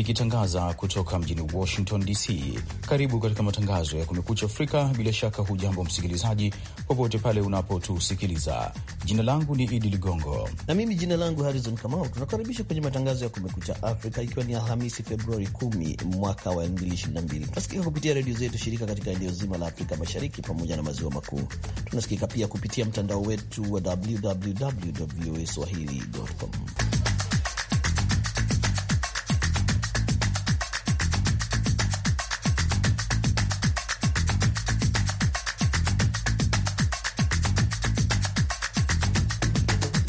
ikitangaza kutoka mjini Washington DC. Karibu katika matangazo ya Kumekucha Afrika. Bila shaka, hujambo msikilizaji, popote pale unapotusikiliza. Jina langu ni Idi Ligongo na mimi jina langu Harrison Kamau. Tunakaribisha kwenye matangazo ya Kumekucha Afrika, ikiwa ni Alhamisi Februari 10 mwaka wa 2022. Tunasikika kupitia redio zetu shirika katika eneo zima la Afrika Mashariki pamoja na maziwa makuu. Tunasikika pia kupitia mtandao wetu wa www voa swahili.com.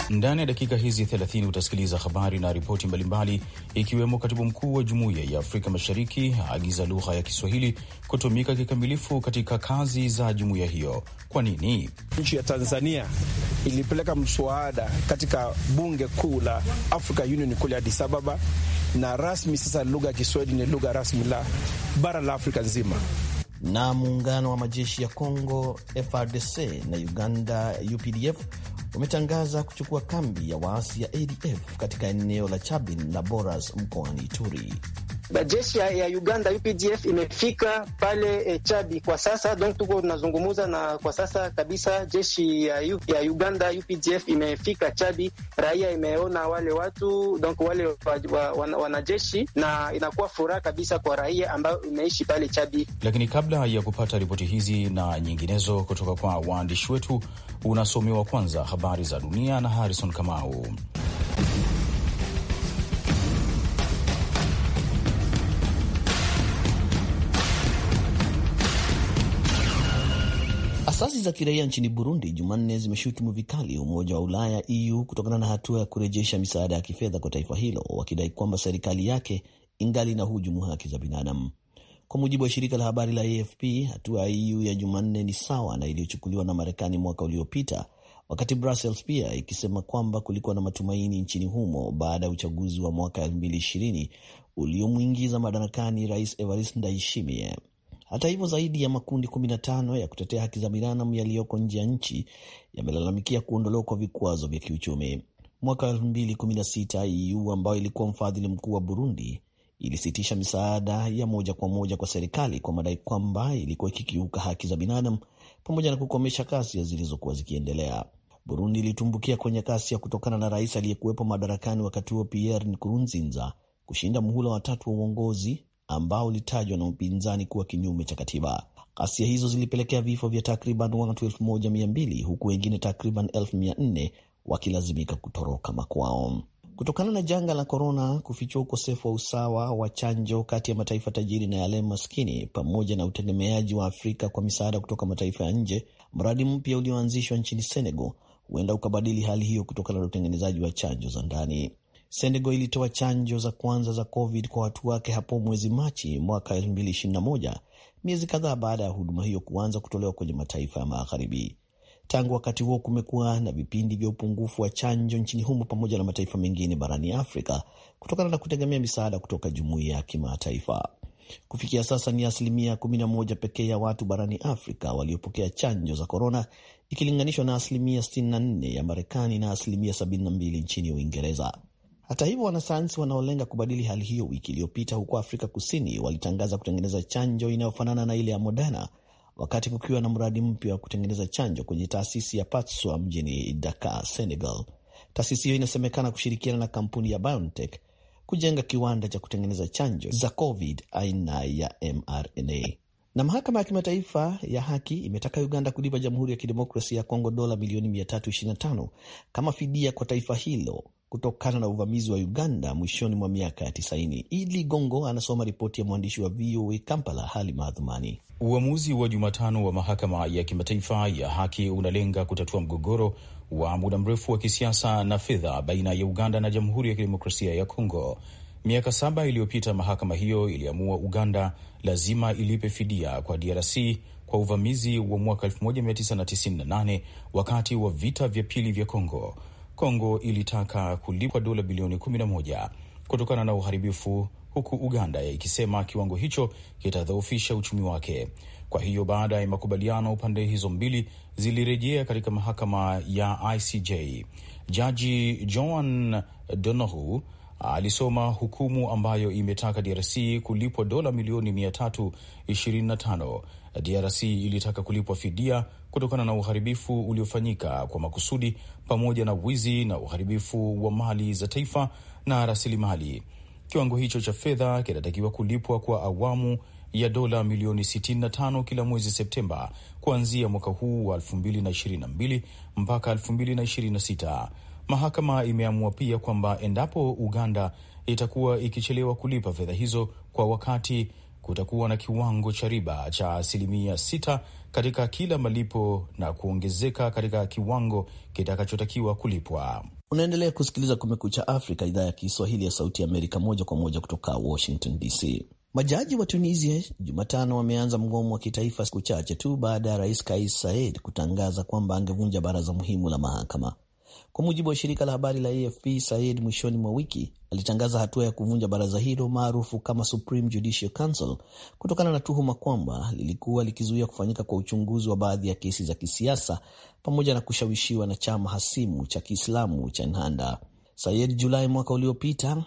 Ndani ya dakika hizi 30 utasikiliza habari na ripoti mbalimbali, ikiwemo katibu mkuu wa Jumuiya ya Afrika Mashariki aagiza lugha ya Kiswahili kutumika kikamilifu katika kazi za jumuiya hiyo. Kwa nini nchi ya Tanzania ilipeleka mswada katika bunge kuu la Africa Union kule Addis Ababa, na rasmi sasa lugha ya Kiswahili ni lugha rasmi la bara la Afrika nzima na muungano wa majeshi ya congo frdc na Uganda UPDF wametangaza kuchukua kambi ya waasi ya ADF katika eneo la Chabin na Boras mkoani Ituri jeshi ya Uganda UPDF imefika pale e, Chabi kwa sasa, donc tuko tunazungumuza na kwa sasa kabisa jeshi ya, ya Uganda UPDF imefika Chabi. Raia imeona wale watu donc wale wanajeshi na inakuwa furaha kabisa kwa raia ambayo imeishi pale Chabi. Lakini kabla ya kupata ripoti hizi na nyinginezo kutoka kwa waandishi wetu, unasomewa kwanza habari za dunia na Harrison Kamau. Asasi za kiraia nchini Burundi Jumanne zimeshutumu vikali Umoja wa Ulaya EU kutokana na hatua ya kurejesha misaada ya kifedha kwa taifa hilo, wakidai kwamba serikali yake ingali na hujumu haki za binadamu. Kwa mujibu wa shirika la habari la AFP, hatua ya EU ya Jumanne ni sawa na iliyochukuliwa na Marekani mwaka uliopita, wakati Brussels pia ikisema kwamba kulikuwa na matumaini nchini humo baada ya uchaguzi wa mwaka 2020 uliomwingiza madarakani Rais Evariste Ndayishimiye. Hata hivyo, zaidi ya makundi 15 ya kutetea haki za binadamu yaliyoko nje ya nchi yamelalamikia kuondolewa kwa vikwazo vya kiuchumi. Mwaka 2016 EU e ambayo ilikuwa mfadhili mkuu wa Burundi ilisitisha misaada ya moja kwa moja kwa serikali kwa madai kwamba ilikuwa ikikiuka haki za binadamu pamoja na kukomesha kasia zilizokuwa zikiendelea. Burundi ilitumbukia kwenye kasia kutokana na rais aliyekuwepo madarakani wakati huo Pierre Nkurunziza kushinda muhula watatu wa uongozi ambao ulitajwa na upinzani kuwa kinyume cha katiba. Ghasia hizo zilipelekea vifo vya takriban watu 1200 huku wengine takriban 1400 wakilazimika kutoroka makwao. Kutokana na janga la korona, kufichua ukosefu wa usawa wa chanjo kati ya mataifa tajiri na yale maskini, pamoja na utegemeaji wa Afrika kwa misaada kutoka mataifa ya nje, mradi mpya ulioanzishwa nchini Senegal huenda ukabadili hali hiyo kutokana na utengenezaji wa chanjo za ndani. Senegal ilitoa chanjo za kwanza za COVID kwa watu wake hapo mwezi Machi mwaka 2021 miezi kadhaa baada ya huduma hiyo kuanza kutolewa kwenye mataifa ya magharibi. Tangu wakati huo kumekuwa na vipindi vya upungufu wa chanjo nchini humo pamoja na mataifa mengine barani Afrika kutokana na kutegemea misaada kutoka jumuiya ya kimataifa. Kufikia sasa ni asilimia 11 pekee ya watu barani Afrika waliopokea chanjo za korona ikilinganishwa na asilimia 64 ya Marekani na asilimia 72 nchini Uingereza. Hata hivyo, wanasayansi wanaolenga kubadili hali hiyo wiki iliyopita huko Afrika Kusini walitangaza kutengeneza chanjo inayofanana na ile ya Moderna, wakati kukiwa na mradi mpya wa kutengeneza chanjo kwenye taasisi ya patswa mjini Dakar, Senegal. Taasisi hiyo inasemekana kushirikiana na kampuni ya BioNTech kujenga kiwanda cha kutengeneza chanjo za COVID aina ya mRNA. Na mahakama ya kimataifa ya haki imetaka Uganda kulipa Jamhuri ya Kidemokrasia ya Kongo dola milioni 325 kama fidia kwa taifa hilo kutokana na uvamizi wa Uganda mwishoni mwa miaka ya tisaini. Idli Gongo anasoma ripoti ya mwandishi wa VOA Kampala, Halima Adhumani. Uamuzi wa Jumatano wa mahakama ya kimataifa ya haki unalenga kutatua mgogoro wa muda mrefu wa kisiasa na fedha baina ya Uganda na Jamhuri ya Kidemokrasia ya Kongo. Miaka saba iliyopita mahakama hiyo iliamua Uganda lazima ilipe fidia kwa DRC kwa uvamizi wa mwaka 1998 wakati wa vita vya pili vya Kongo. Kongo ilitaka kulipwa dola bilioni 11 kutokana na uharibifu, huku Uganda ikisema kiwango hicho kitadhoofisha uchumi wake. Kwa hiyo baada ya makubaliano, pande hizo mbili zilirejea katika mahakama ya ICJ. Jaji Joan donohu alisoma hukumu ambayo imetaka DRC kulipwa dola milioni 325 DRC ilitaka kulipwa fidia kutokana na uharibifu uliofanyika kwa makusudi pamoja na wizi na uharibifu wa mali za taifa na rasilimali. Kiwango hicho cha fedha kinatakiwa kulipwa kwa awamu ya dola milioni 65 kila mwezi Septemba kuanzia mwaka huu wa 2022 mpaka 2026. Mahakama imeamua pia kwamba endapo Uganda itakuwa ikichelewa kulipa fedha hizo kwa wakati kutakuwa na kiwango cha riba cha asilimia sita katika kila malipo na kuongezeka katika kiwango kitakachotakiwa kulipwa. Unaendelea kusikiliza Kumekucha Afrika, idhaa ya Kiswahili ya Sauti Amerika, moja kwa moja kutoka Washington DC. Majaji wa Tunisia Jumatano wameanza mgomo wa kitaifa siku chache tu baada ya rais Kais Saied kutangaza kwamba angevunja baraza muhimu la mahakama. Kwa mujibu wa shirika la habari la AFP, Said mwishoni mwa wiki alitangaza hatua ya kuvunja baraza hilo maarufu kama Supreme Judicial Council kutokana na tuhuma kwamba lilikuwa likizuia kufanyika kwa uchunguzi wa baadhi ya kesi za kisiasa pamoja na kushawishiwa na chama hasimu cha Kiislamu cha Ennahda. Said Julai mwaka uliopita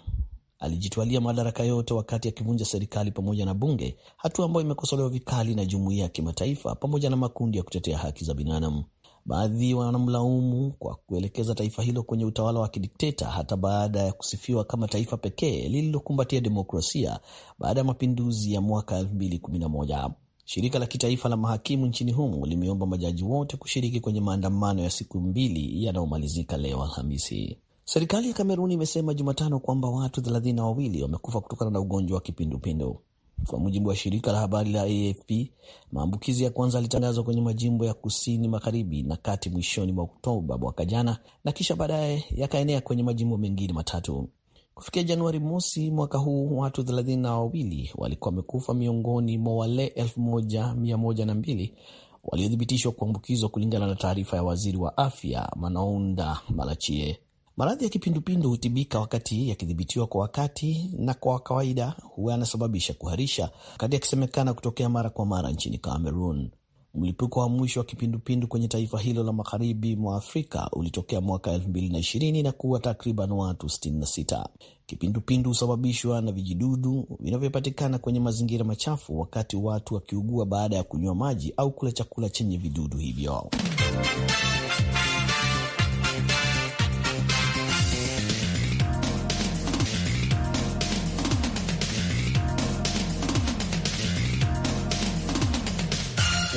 alijitwalia madaraka yote wakati akivunja serikali pamoja na bunge, hatua ambayo imekosolewa vikali na jumuiya ya kimataifa pamoja na makundi ya kutetea haki za binadamu. Baadhi wanamlaumu kwa kuelekeza taifa hilo kwenye utawala wa kidikteta hata baada ya kusifiwa kama taifa pekee lililokumbatia demokrasia baada ya mapinduzi ya mwaka 2011. Shirika la kitaifa la mahakimu nchini humo limeomba majaji wote kushiriki kwenye maandamano ya siku mbili yanayomalizika leo Alhamisi. Serikali ya Kamerun imesema Jumatano kwamba watu thelathini na wawili wamekufa kutokana na ugonjwa wa kipindupindu. Kwa mujibu wa shirika la habari la AFP, maambukizi ya kwanza yalitangazwa kwenye majimbo ya kusini magharibi na kati mwishoni mwa Oktoba mwaka jana na kisha baadaye yakaenea kwenye majimbo mengine matatu. Kufikia Januari mosi mwaka huu, watu thelathini na wawili walikuwa wamekufa miongoni mwa wale elfu moja mia moja na mbili waliothibitishwa kuambukizwa kulingana na taarifa ya waziri wa afya Manaunda Malachie. Maradhi ya kipindupindu hutibika wakati yakidhibitiwa kwa wakati, na kwa kawaida huwa yanasababisha kuharisha, wakati yakisemekana kutokea mara kwa mara nchini Cameroon. Mlipuko wa mwisho wa kipindupindu kwenye taifa hilo la magharibi mwa Afrika ulitokea mwaka 2020 na kuwa takriban watu 66. Kipindupindu husababishwa na vijidudu vinavyopatikana kwenye mazingira machafu, wakati watu wakiugua baada ya kunywa maji au kula chakula chenye vidudu hivyo.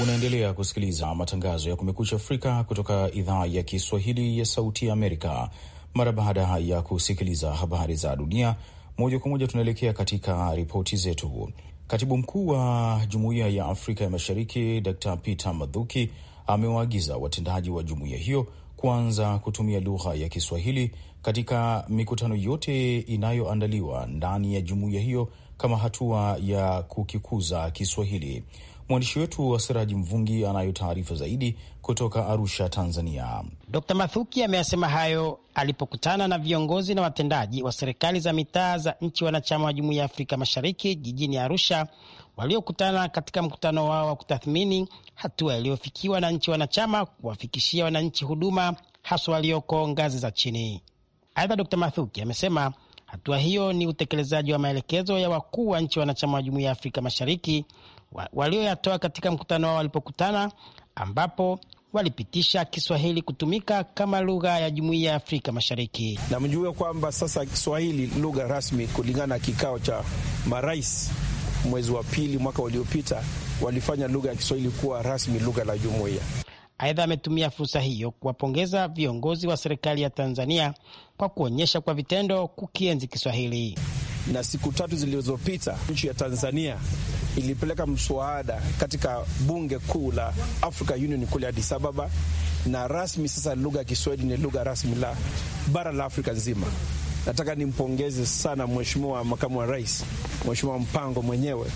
Unaendelea kusikiliza matangazo ya Kumekucha Afrika kutoka idhaa ya Kiswahili ya Sauti ya Amerika. Mara baada ya kusikiliza habari za dunia moja kwa moja, tunaelekea katika ripoti zetu. Katibu mkuu wa Jumuiya ya Afrika ya Mashariki Dr Peter madhuki amewaagiza watendaji wa jumuiya hiyo kuanza kutumia lugha ya Kiswahili katika mikutano yote inayoandaliwa ndani ya jumuiya hiyo kama hatua ya kukikuza Kiswahili. Mwandishi wetu wa Siraji Mvungi anayo taarifa zaidi kutoka Arusha, Tanzania. Dkt Mathuki ameyasema hayo alipokutana na viongozi na watendaji wa serikali za mitaa za nchi wanachama wa Jumuiya ya Afrika Mashariki jijini Arusha, waliokutana katika mkutano wao wa kutathmini hatua iliyofikiwa na nchi wanachama kuwafikishia wananchi huduma haswa walioko ngazi za chini. Aidha, Dkt Mathuki amesema hatua hiyo ni utekelezaji wa maelekezo ya wakuu wa nchi wanachama wa Jumuiya ya Afrika Mashariki walioyatoa katika mkutano wao walipokutana, ambapo walipitisha Kiswahili kutumika kama lugha ya Jumuiya ya Afrika Mashariki. Na mjue kwamba sasa Kiswahili lugha rasmi kulingana na kikao cha marais mwezi wa pili mwaka uliopita, walifanya lugha ya Kiswahili kuwa rasmi lugha la jumuiya. Aidha, ametumia fursa hiyo kuwapongeza viongozi wa serikali ya Tanzania kwa kuonyesha kwa vitendo kukienzi Kiswahili. Na siku tatu zilizopita nchi ya Tanzania ilipeleka mswada katika bunge kuu la Africa Union kule Addis Ababa, na rasmi sasa lugha ya Kiswahili ni lugha rasmi la bara la Afrika nzima. Nataka nimpongeze sana mheshimiwa makamu wa rais, mheshimiwa Mpango mwenyewe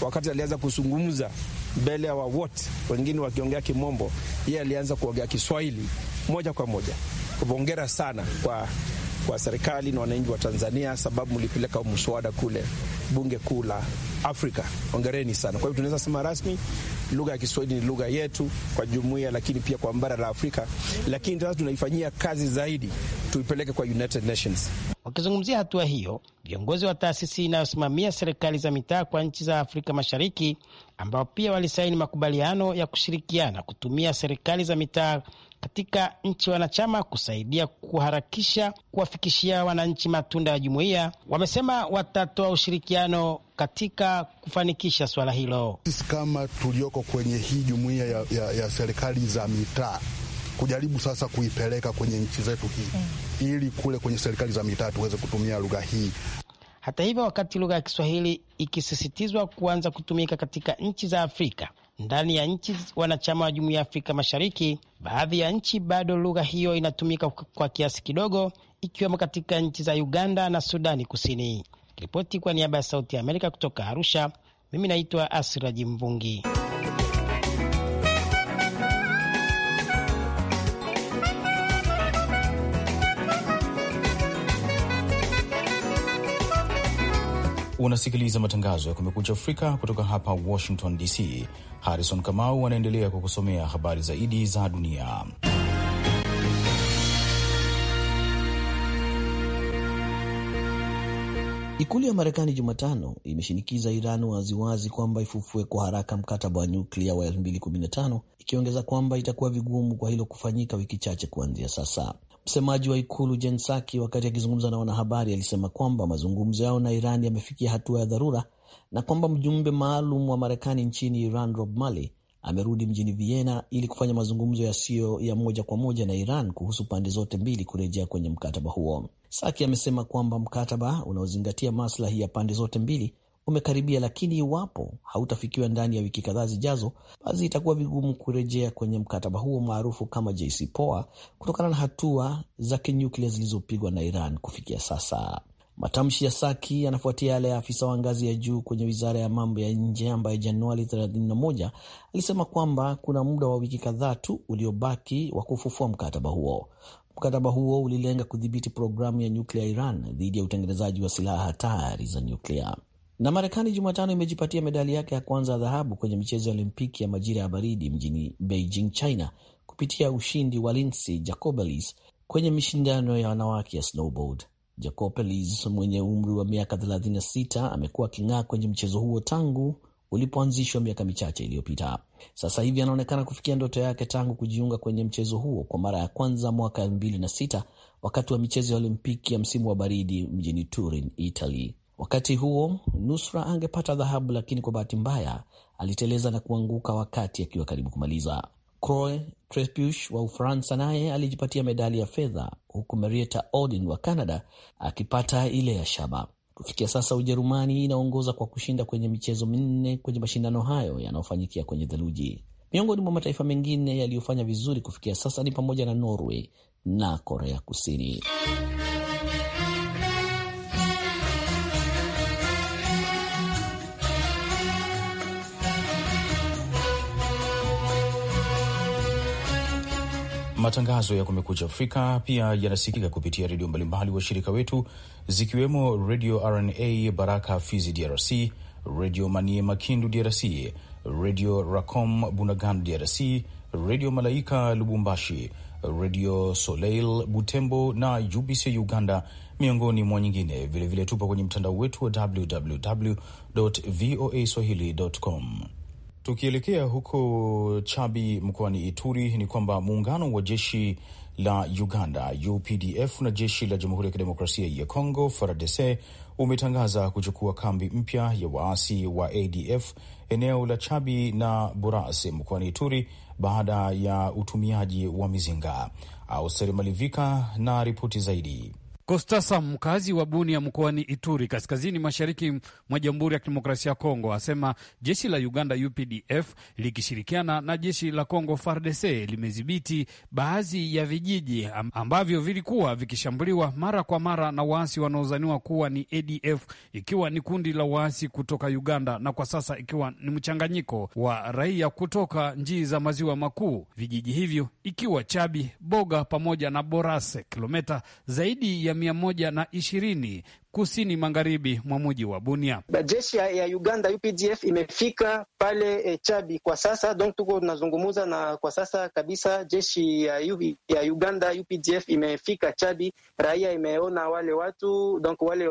wakati alianza kuzungumza mbele ya wa wawote wengine wakiongea Kimombo, yeye alianza kuongea Kiswahili moja kwa moja. Kupongera sana kwa kwa serikali na wananchi wa Tanzania, sababu mlipeleka mswada kule bunge kuu la Afrika. Ongereni sana. Kwa hivyo tunaweza sema rasmi lugha ya Kiswahili ni lugha yetu kwa jumuiya, lakini pia kwa bara la Afrika, lakini sasa tunaifanyia kazi zaidi tuipeleke kwa United Nations. Wakizungumzia hatua hiyo, viongozi wa taasisi inayosimamia serikali za mitaa kwa nchi za Afrika Mashariki ambao pia walisaini makubaliano ya kushirikiana kutumia serikali za mitaa katika nchi wanachama kusaidia kuharakisha kuwafikishia wananchi matunda ya jumuiya, wamesema watatoa ushirikiano katika kufanikisha swala hilo. Sisi kama tulioko kwenye hii jumuiya ya, ya, ya serikali za mitaa kujaribu sasa kuipeleka kwenye nchi zetu hii mm. ili kule kwenye serikali za mitaa tuweze kutumia lugha hii. Hata hivyo, wakati lugha ya Kiswahili ikisisitizwa kuanza kutumika katika nchi za Afrika ndani ya nchi wanachama wa Jumuiya ya Afrika Mashariki, baadhi ya nchi bado lugha hiyo inatumika kwa kiasi kidogo, ikiwemo katika nchi za Uganda na Sudani Kusini. Ripoti kwa niaba ya Sauti ya Amerika kutoka Arusha, mimi naitwa Asiraji Mvungi. Unasikiliza matangazo ya Kumekucha Afrika kutoka hapa Washington DC. Harrison Kamau anaendelea kukusomea habari zaidi za dunia. Ikulu ya Marekani Jumatano imeshinikiza Iran waziwazi kwamba ifufue kwa haraka mkataba wa nyuklia wa 2015 ikiongeza kwamba itakuwa vigumu kwa hilo kufanyika wiki chache kuanzia sasa. Msemaji wa ikulu Jen Psaki wakati akizungumza na wanahabari alisema kwamba mazungumzo yao na Iran yamefikia hatua ya dharura na kwamba mjumbe maalum wa Marekani nchini Iran Rob Malley amerudi mjini Vienna ili kufanya mazungumzo yasiyo ya moja kwa moja na Iran kuhusu pande zote mbili kurejea kwenye mkataba huo. Saki amesema kwamba mkataba unaozingatia maslahi ya pande zote mbili umekaribia, lakini iwapo hautafikiwa ndani ya wiki kadhaa zijazo, basi itakuwa vigumu kurejea kwenye mkataba huo maarufu kama JCPOA kutokana na hatua za kinyuklia zilizopigwa na Iran kufikia sasa. Matamshi ya Saki yanafuatia yale ya afisa wa ngazi ya juu kwenye wizara ya mambo ya nje ambaye Januari 31 alisema kwamba kuna muda wa wiki kadhaa tu uliobaki wa kufufua mkataba huo. Mkataba huo ulilenga kudhibiti programu ya nyuklia ya Iran dhidi ya utengenezaji wa silaha hatari za nyuklia. Na Marekani Jumatano imejipatia medali yake ya kwanza ya dhahabu kwenye michezo ya Olimpiki ya majira ya baridi mjini Beijing, China, kupitia ushindi wa Lindsey Jacobellis kwenye mishindano ya wanawake ya snowboard. Jacobellis mwenye umri wa miaka 36 amekuwa aking'aa kwenye mchezo huo tangu ulipoanzishwa miaka michache iliyopita. Sasa hivi anaonekana kufikia ndoto yake tangu kujiunga kwenye mchezo huo kwa mara ya kwanza mwaka 2006 wakati wa michezo ya Olimpiki ya msimu wa baridi mjini Turin, Italy. Wakati huo nusra angepata dhahabu, lakini kwa bahati mbaya aliteleza na kuanguka wakati akiwa karibu kumaliza. Croy Trepuis wa Ufaransa naye alijipatia medali ya fedha, huku Marietta Odin wa Canada akipata ile ya shaba. Kufikia sasa Ujerumani inaongoza kwa kushinda kwenye michezo minne kwenye mashindano hayo yanayofanyikia kwenye theluji. Miongoni mwa mataifa mengine yaliyofanya vizuri kufikia sasa ni pamoja na Norway na Korea Kusini. Matangazo ya Kumekucha Afrika pia yanasikika kupitia redio mbalimbali washirika wetu zikiwemo Redio RNA Baraka Fizi DRC, Redio Maniema Kindu DRC, Redio Racom bunagan DRC, Redio Malaika Lubumbashi, Redio Soleil Butembo na UBC Uganda, miongoni mwa nyingine. Vilevile tupo kwenye mtandao wetu wa www voa swahili com. Tukielekea huko Chabi mkoani Ituri, ni kwamba muungano wa jeshi la Uganda UPDF na jeshi la Jamhuri ya Kidemokrasia ya Kongo FARDC umetangaza kuchukua kambi mpya ya waasi wa ADF eneo la Chabi na Burase mkoani Ituri baada ya utumiaji wa mizinga. Auseri Malivika na ripoti zaidi. Kostasa, mkazi wa Bunia mkoani Ituri, kaskazini mashariki mwa Jamhuri ya Kidemokrasia ya Kongo, asema jeshi la Uganda UPDF likishirikiana na jeshi la Kongo FARDC limedhibiti baadhi ya vijiji ambavyo vilikuwa vikishambuliwa mara kwa mara na waasi wanaozaniwa kuwa ni ADF, ikiwa ni kundi la waasi kutoka Uganda, na kwa sasa ikiwa ni mchanganyiko wa raia kutoka njii za maziwa makuu, vijiji hivyo ikiwa Chabi, Boga pamoja na Borase, kilometa zaidi ya mia moja na ishirini kusini magharibi mwa muji wa Bunia. Jeshi ya Uganda UPDF imefika pale e, Chabi kwa sasa, donc tuko tunazungumuza na kwa sasa kabisa jeshi ya, ya Uganda UPDF imefika Chabi. Raia imeona wale watu donc wale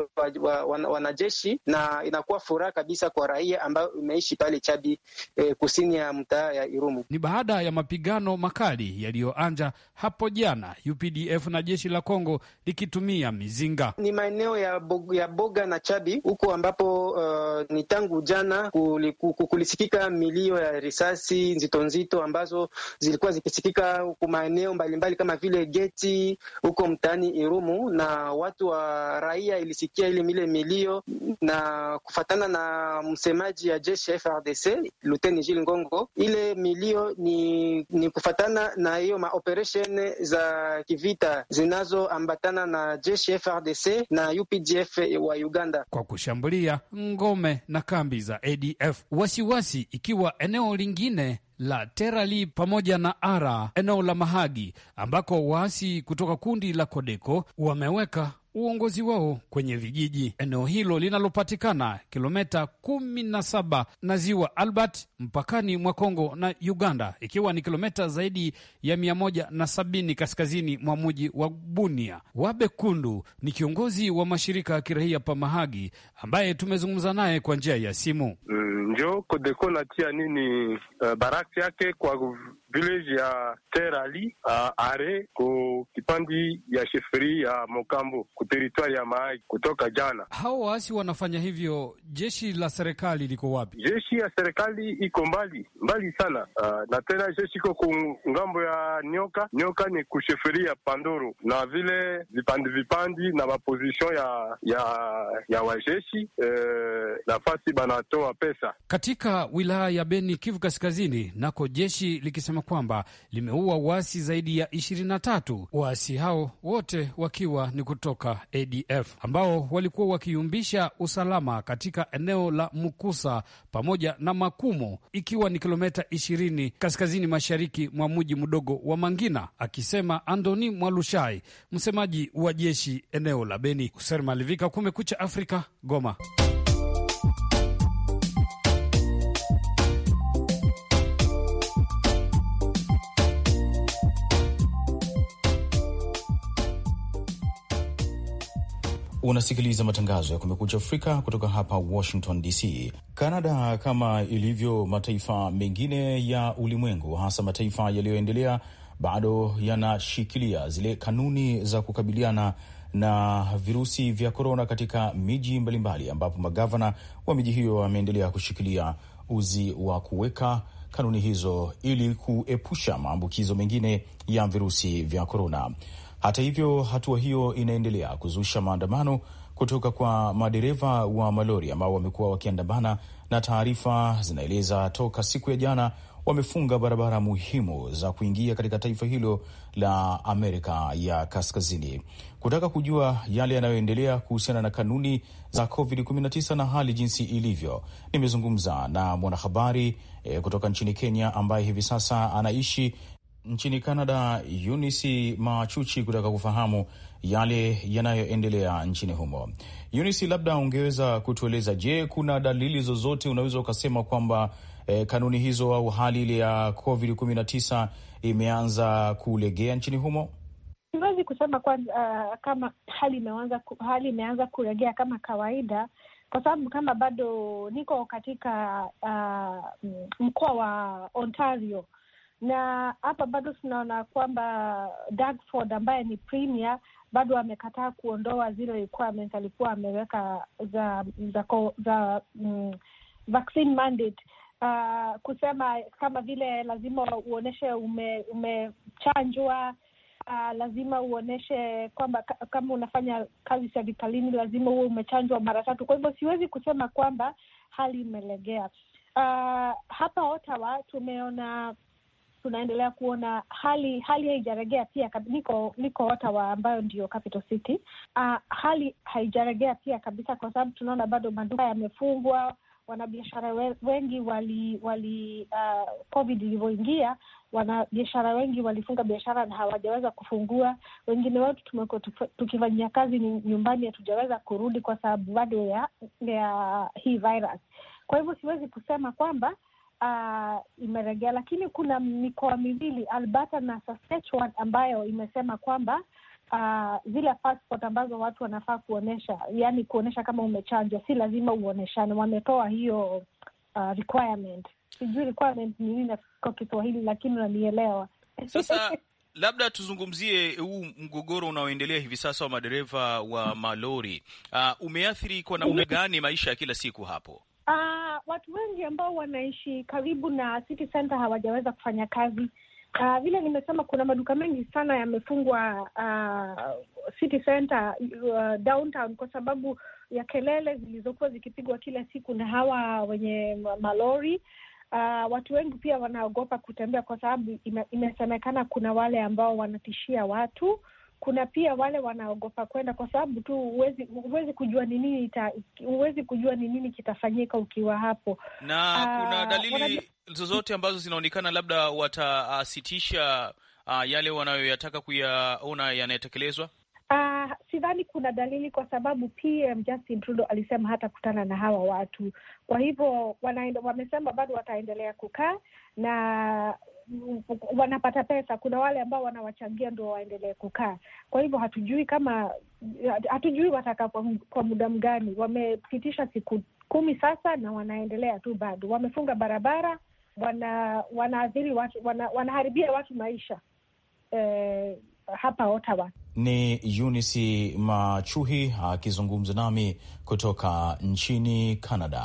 wanajeshi wa, wa, wa, na inakuwa furaha kabisa kwa raia ambayo imeishi pale Chabi e, kusini ya mtaa ya Irumu. Ni baada ya mapigano makali yaliyoanja hapo jana, UPDF na jeshi la Kongo likitumia mizinga. Ni maeneo ya bo ya Boga na Chabi huko ambapo uh, ni tangu jana kulisikika milio ya risasi nzito nzito ambazo zilikuwa zikisikika huku maeneo mbalimbali kama vile Geti huko mtaani Irumu, na watu wa raia ilisikia ile mile milio, na kufatana na msemaji ya jeshi FRDC Luteni Jil Ngongo, ile milio ni, ni kufatana na hiyo maoperation za kivita zinazoambatana na jeshi FRDC na UPDF ADF wa Uganda kwa kushambulia ngome na kambi za ADF. Wasiwasi wasi ikiwa eneo lingine la Terali pamoja na Ara, eneo la Mahagi ambako waasi kutoka kundi la Kodeko wameweka uongozi wao kwenye vijiji. Eneo hilo linalopatikana kilometa kumi na saba na ziwa Albert mpakani mwa Kongo na Uganda, ikiwa ni kilometa zaidi ya mia moja na sabini kaskazini mwa mji wa Bunia. Wabe Kundu ni kiongozi wa mashirika ya kirahia Pamahagi ambaye tumezungumza naye kwa njia ya simu. Mm, njo Kodeko natia nini uh, baraka yake kwa village ya Terali uh, are ku kipandi ya sheferi ya Mokambo ku teritwari ya Mahagi kutoka jana. Hao waasi wanafanya hivyo, jeshi la serikali liko wapi? Jeshi ya serikali iko mbali mbali sana, uh, na tena jeshi iko ku ngambo ya Nyoka. Nyoka ni ku kusheferi ya Pandoro na vile vipandi vipandi na mapozisyon ya ya ya wajeshi eh, nafasi banatoa pesa katika wilaya ya Beni, Kivu Kaskazini, nako jeshi likisema kwamba limeua waasi zaidi ya 23, waasi hao wote wakiwa ni kutoka ADF ambao walikuwa wakiyumbisha usalama katika eneo la Mukusa pamoja na Makumo, ikiwa ni kilometa 20 kaskazini mashariki mwa mji mdogo wa Mangina, akisema Andoni Mwalushai, msemaji wa jeshi eneo la Beni. Husen Malivika, Kumekucha Afrika, Goma. Unasikiliza matangazo ya Kumekucha Afrika kutoka hapa Washington DC. Kanada, kama ilivyo mataifa mengine ya ulimwengu, hasa mataifa yaliyoendelea, bado yanashikilia zile kanuni za kukabiliana na virusi vya korona katika miji mbalimbali, ambapo magavana wa miji hiyo wameendelea kushikilia uzi wa kuweka kanuni hizo ili kuepusha maambukizo mengine ya virusi vya korona. Hata hivyo, hatua hiyo inaendelea kuzusha maandamano kutoka kwa madereva wa malori ambao wamekuwa wakiandamana, na taarifa zinaeleza toka siku ya jana wamefunga barabara muhimu za kuingia katika taifa hilo la Amerika ya Kaskazini kutaka kujua yale yanayoendelea kuhusiana na kanuni za COVID-19 na hali jinsi ilivyo. Nimezungumza na mwanahabari e, kutoka nchini Kenya ambaye hivi sasa anaishi nchini Canada, Eunice Machuchi, kutaka kufahamu yale yanayoendelea nchini humo. Eunice, labda ungeweza kutueleza, je, kuna dalili zozote unaweza ukasema kwamba eh, kanuni hizo au hali ile ya COVID 19 imeanza kulegea nchini humo? Siwezi kusema kwa, uh, kama hali imeanza hali imeanza kuregea kama kawaida, kwa sababu kama bado niko katika uh, mkoa wa Ontario na hapa bado tunaona kwamba Dagford ambaye ni premier bado amekataa kuondoa zile requirements alikuwa ameweka za za, za mm, vaccine mandate uh, kusema kama vile lazima uoneshe umechanjwa ume Uh, ah, lazima uonyeshe kwamba kama unafanya kazi serikalini lazima huwe umechanjwa mara tatu. Kwa hivyo siwezi kusema kwamba hali imelegea. Uh, hapa Ottawa tumeona tunaendelea kuona hali hali haijaregea pia. Niko niko Ottawa ambayo ndio capital city. Uh, hali haijaregea pia kabisa, kwa sababu tunaona bado maduka yamefungwa. Wanabiashara wengi wali wali uh, covid ilivyoingia, wanabiashara wengi walifunga biashara na hawajaweza kufungua. Wengine wetu tumekuwa tukifanyia kazi nyumbani, hatujaweza kurudi kwa sababu bado ya, ya hii virus. Kwa hivyo siwezi kusema kwamba uh, imeregea, lakini kuna mikoa miwili Alberta na Saskatchewan ambayo imesema kwamba uh, zile passport ambazo watu wanafaa kuonyesha, yani kuonyesha kama umechanjwa, si lazima uoneshane. Wametoa hiyo uh, requirement. Sijui requirement ni nini kwa Kiswahili, lakini unanielewa sasa. Labda tuzungumzie huu mgogoro unaoendelea hivi sasa wa madereva wa malori uh, umeathiri kwa namna gani maisha ya kila siku hapo? uh, watu wengi ambao wanaishi karibu na city center hawajaweza kufanya kazi. Uh, vile nimesema kuna maduka mengi sana yamefungwa uh, city center uh, downtown kwa sababu ya kelele zilizokuwa zikipigwa kila siku na hawa wenye malori. Uh, watu wengi pia wanaogopa kutembea kwa sababu ime, imesemekana kuna wale ambao wanatishia watu kuna pia wale wanaogopa kwenda kwa sababu tu huwezi huwezi kujua ni nini ita, huwezi kujua ni nini kitafanyika ukiwa hapo, na uh, kuna ah, dalili zozote ambazo zinaonekana labda watasitisha uh, uh, yale wanayoyataka kuyaona yanayotekelezwa. Uh, ah, sidhani kuna dalili kwa sababu PM Justin Trudeau alisema hata kutana na hawa watu. Kwa hivyo wanaenda, wamesema bado wataendelea kukaa na wanapata pesa. Kuna wale ambao wanawachangia ndio waendelee kukaa. Kwa hivyo hatujui kama hatujui watakaa kwa, kwa muda mgani. Wamepitisha siku kumi sasa na wanaendelea tu bado, wamefunga barabara, wana, wanaathiri watu, wana, wanaharibia watu maisha eh, hapa Ottawa. Ni Eunice Machuhi akizungumza nami kutoka nchini Canada.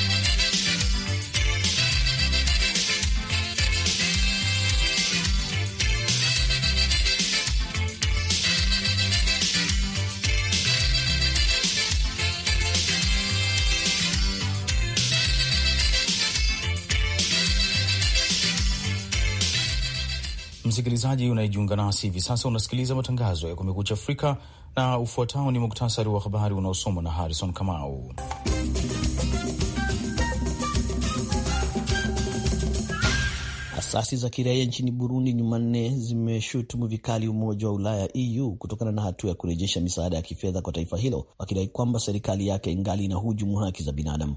Msikilizaji unayejiunga nasi hivi sasa, unasikiliza matangazo ya Kumekucha Afrika na ufuatao ni muktasari wa habari unaosomwa na Harrison Kamau. Asasi za kiraia nchini Burundi Jumanne zimeshutumu vikali Umoja wa Ulaya EU kutokana na hatua ya kurejesha misaada ya kifedha kwa taifa hilo, wakidai kwamba serikali yake ingali inahujumu haki za binadamu.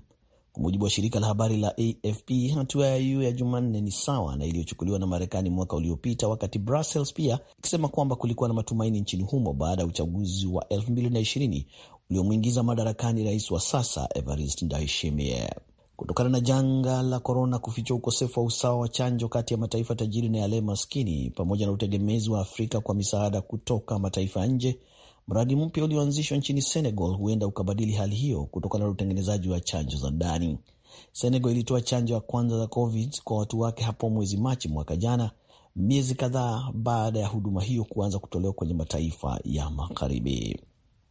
Kwa mujibu wa shirika la habari la AFP, hatua ya EU ya Jumanne ni sawa na iliyochukuliwa na Marekani mwaka uliopita, wakati Brussels pia ikisema kwamba kulikuwa na matumaini nchini humo baada ya uchaguzi wa 2020 uliomwingiza madarakani rais wa sasa Evarist Ndayishimiye. Kutokana na janga la korona kufichua ukosefu wa usawa wa chanjo kati ya mataifa tajiri na yale maskini, pamoja na utegemezi wa Afrika kwa misaada kutoka mataifa ya nje, Mradi mpya ulioanzishwa nchini Senegal huenda ukabadili hali hiyo kutokana na utengenezaji wa chanjo za ndani. Senegal ilitoa chanjo ya kwanza za COVID kwa watu wake hapo mwezi Machi mwaka jana, miezi kadhaa baada ya huduma hiyo kuanza kutolewa kwenye mataifa ya magharibi.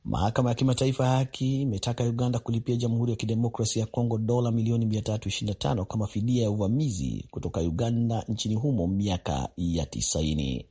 Mahakama ya Kimataifa ya Haki imetaka Uganda kulipia Jamhuri ya Kidemokrasia ya Kongo dola milioni 325 kama fidia ya uvamizi kutoka Uganda nchini humo miaka ya tisaini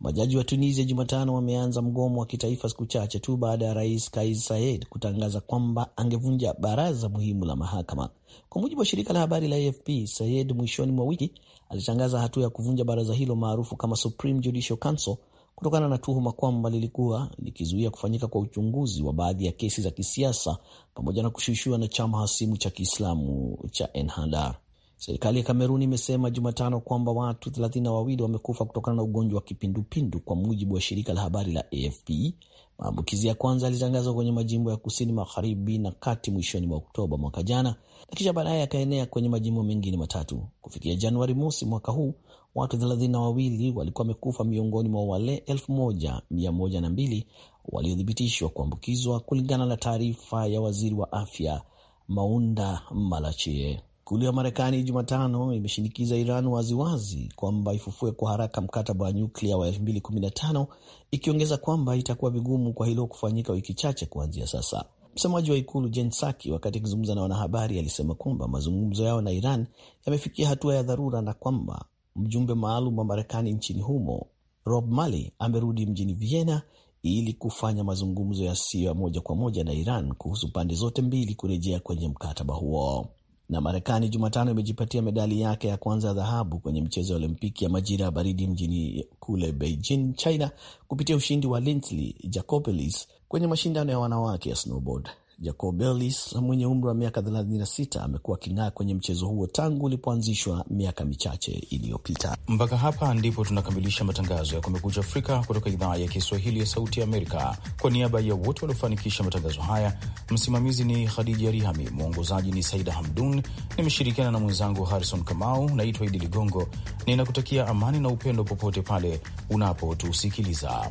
Majaji wa Tunisia Jumatano wameanza mgomo wa kitaifa siku chache tu baada ya rais Kais Saied kutangaza kwamba angevunja baraza muhimu la mahakama. Kwa mujibu wa shirika la habari la AFP, Saied mwishoni mwa wiki alitangaza hatua ya kuvunja baraza hilo maarufu kama Supreme Judicial Council kutokana na tuhuma kwamba lilikuwa likizuia kufanyika kwa uchunguzi wa baadhi ya kesi za kisiasa pamoja na kushushiwa na chama hasimu cha Kiislamu cha Ennahda. Serikali ya Kamerun imesema Jumatano kwamba watu 3 wawili wamekufa kutokana na ugonjwa wa kipindupindu kwa mujibu wa shirika la habari la AFP. Maambukizi ya kwanza yalitangazwa kwenye majimbo ya kusini magharibi na kati mwishoni mwa Oktoba mwaka jana, na kisha baadaye yakaenea kwenye majimbo mengine matatu. Kufikia Januari mosi mwaka huu, watu thelathini wawili walikuwa wamekufa miongoni mwa wale 12 waliothibitishwa kuambukizwa, kulingana na taarifa ya waziri wa afya Maunda Malachie. Ikulu ya Marekani Jumatano imeshinikiza Iran waziwazi kwamba ifufue kwa haraka mkataba wa nyuklia wa 2015 ikiongeza kwamba itakuwa vigumu kwa hilo kufanyika wiki chache kuanzia sasa. Msemaji wa ikulu Jen Psaki, wakati akizungumza na wanahabari, alisema kwamba mazungumzo yao na Iran yamefikia hatua ya dharura na kwamba mjumbe maalum wa Marekani nchini humo Rob Malley amerudi mjini Vienna ili kufanya mazungumzo yasiyo ya moja kwa moja na Iran kuhusu pande zote mbili kurejea kwenye mkataba huo na Marekani Jumatano imejipatia medali yake ya kwanza ya dhahabu kwenye mchezo ya Olimpiki ya majira ya baridi mjini kule Beijing, China, kupitia ushindi wa Lindsey Jacobellis kwenye mashindano ya wanawake ya snowboard. Jacob Ellis mwenye umri wa miaka 36 amekuwa aking'aa kwenye mchezo huo tangu ulipoanzishwa miaka michache iliyopita. Mpaka hapa ndipo tunakamilisha matangazo ya Kumekucha Afrika kutoka idhaa ya Kiswahili ya Sauti ya Amerika. Kwa niaba ya wote waliofanikisha matangazo haya, msimamizi ni Khadija Rihami, mwongozaji ni Saida Hamdun, nimeshirikiana na mwenzangu Harrison Kamau. Naitwa Idi Ligongo, ninakutakia amani na upendo popote pale unapotusikiliza.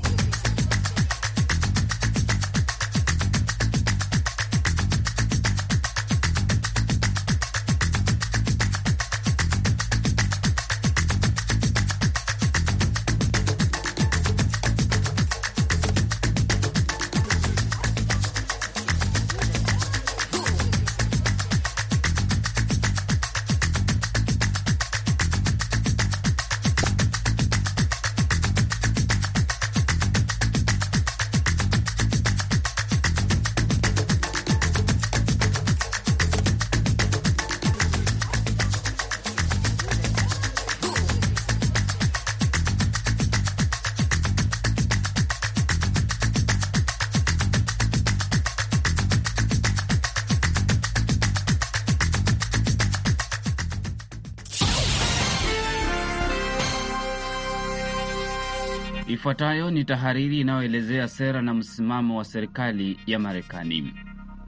Ifuatayo ni tahariri inayoelezea sera na msimamo wa serikali ya Marekani.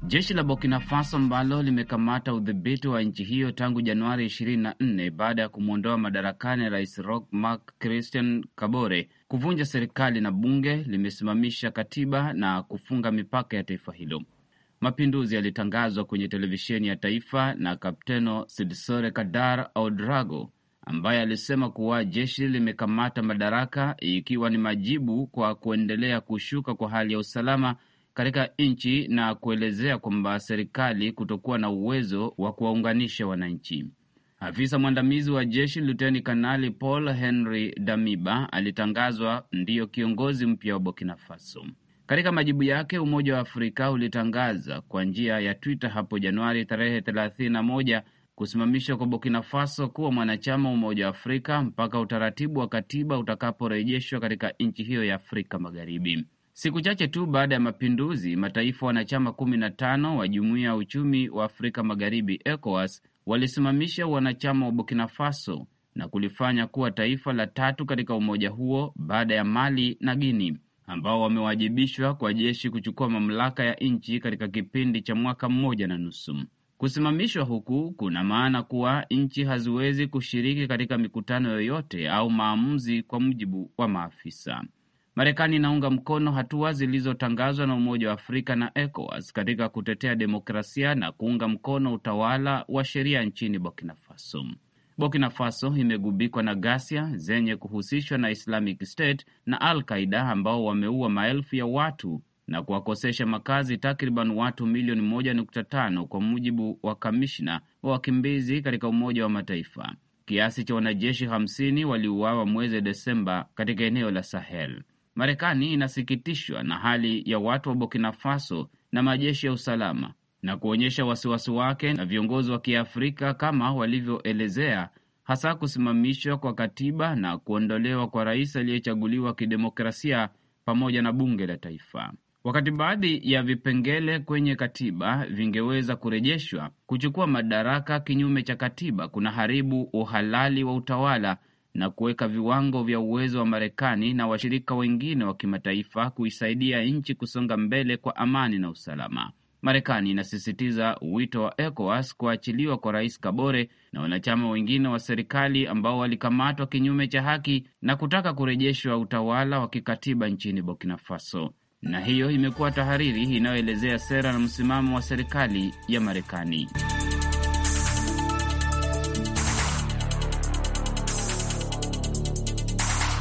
Jeshi la Burkina Faso ambalo limekamata udhibiti wa nchi hiyo tangu Januari 24 baada ya kumwondoa madarakani Rais Roch Marc Christian Kabore, kuvunja serikali na bunge, limesimamisha katiba na kufunga mipaka ya taifa hilo. Mapinduzi yalitangazwa kwenye televisheni ya taifa na Kapteno sidsore Kadar Ouedraogo ambaye alisema kuwa jeshi limekamata madaraka ikiwa ni majibu kwa kuendelea kushuka kwa hali ya usalama katika nchi na kuelezea kwamba serikali kutokuwa na uwezo wa kuwaunganisha wananchi. Afisa mwandamizi wa jeshi Luteni Kanali Paul Henry Damiba alitangazwa ndiyo kiongozi mpya wa Burkina Faso. Katika majibu yake, Umoja wa Afrika ulitangaza kwa njia ya Twitter hapo Januari tarehe 31 kusimamishwa kwa Burkina Faso kuwa mwanachama wa Umoja wa Afrika mpaka utaratibu wa katiba utakaporejeshwa katika nchi hiyo ya Afrika Magharibi. Siku chache tu baada ya mapinduzi, mataifa wanachama kumi na tano wa Jumuiya ya Uchumi wa Afrika Magharibi, ECOWAS, walisimamisha wanachama wa Burkina Faso na kulifanya kuwa taifa la tatu katika umoja huo baada ya Mali na Guini, ambao wamewajibishwa kwa jeshi kuchukua mamlaka ya nchi katika kipindi cha mwaka mmoja na nusu. Kusimamishwa huku kuna maana kuwa nchi haziwezi kushiriki katika mikutano yoyote au maamuzi kwa mujibu wa maafisa. Marekani inaunga mkono hatua zilizotangazwa na Umoja wa Afrika na ECOWAS katika kutetea demokrasia na kuunga mkono utawala wa sheria nchini Burkina Faso. Burkina Faso imegubikwa na ghasia zenye kuhusishwa na Islamic State na Al Qaida ambao wameua maelfu ya watu na kuwakosesha makazi takriban watu milioni moja nukta tano kwa mujibu wa kamishna wa wakimbizi katika Umoja wa Mataifa. Kiasi cha wanajeshi 50 waliuawa mwezi Desemba katika eneo la Sahel. Marekani inasikitishwa na hali ya watu wa Burkina Faso na majeshi ya usalama na kuonyesha wasiwasi wake na viongozi wa Kiafrika kama walivyoelezea, hasa kusimamishwa kwa katiba na kuondolewa kwa rais aliyechaguliwa kidemokrasia pamoja na bunge la taifa. Wakati baadhi ya vipengele kwenye katiba vingeweza kurejeshwa, kuchukua madaraka kinyume cha katiba kuna haribu uhalali wa utawala na kuweka viwango vya uwezo wa Marekani na washirika wengine wa kimataifa kuisaidia nchi kusonga mbele kwa amani na usalama. Marekani inasisitiza wito wa ECOWAS kuachiliwa kwa Rais Kabore na wanachama wengine wa serikali ambao walikamatwa kinyume cha haki na kutaka kurejeshwa utawala wa kikatiba nchini Burkina Faso na hiyo imekuwa tahariri inayoelezea sera na msimamo wa serikali ya Marekani.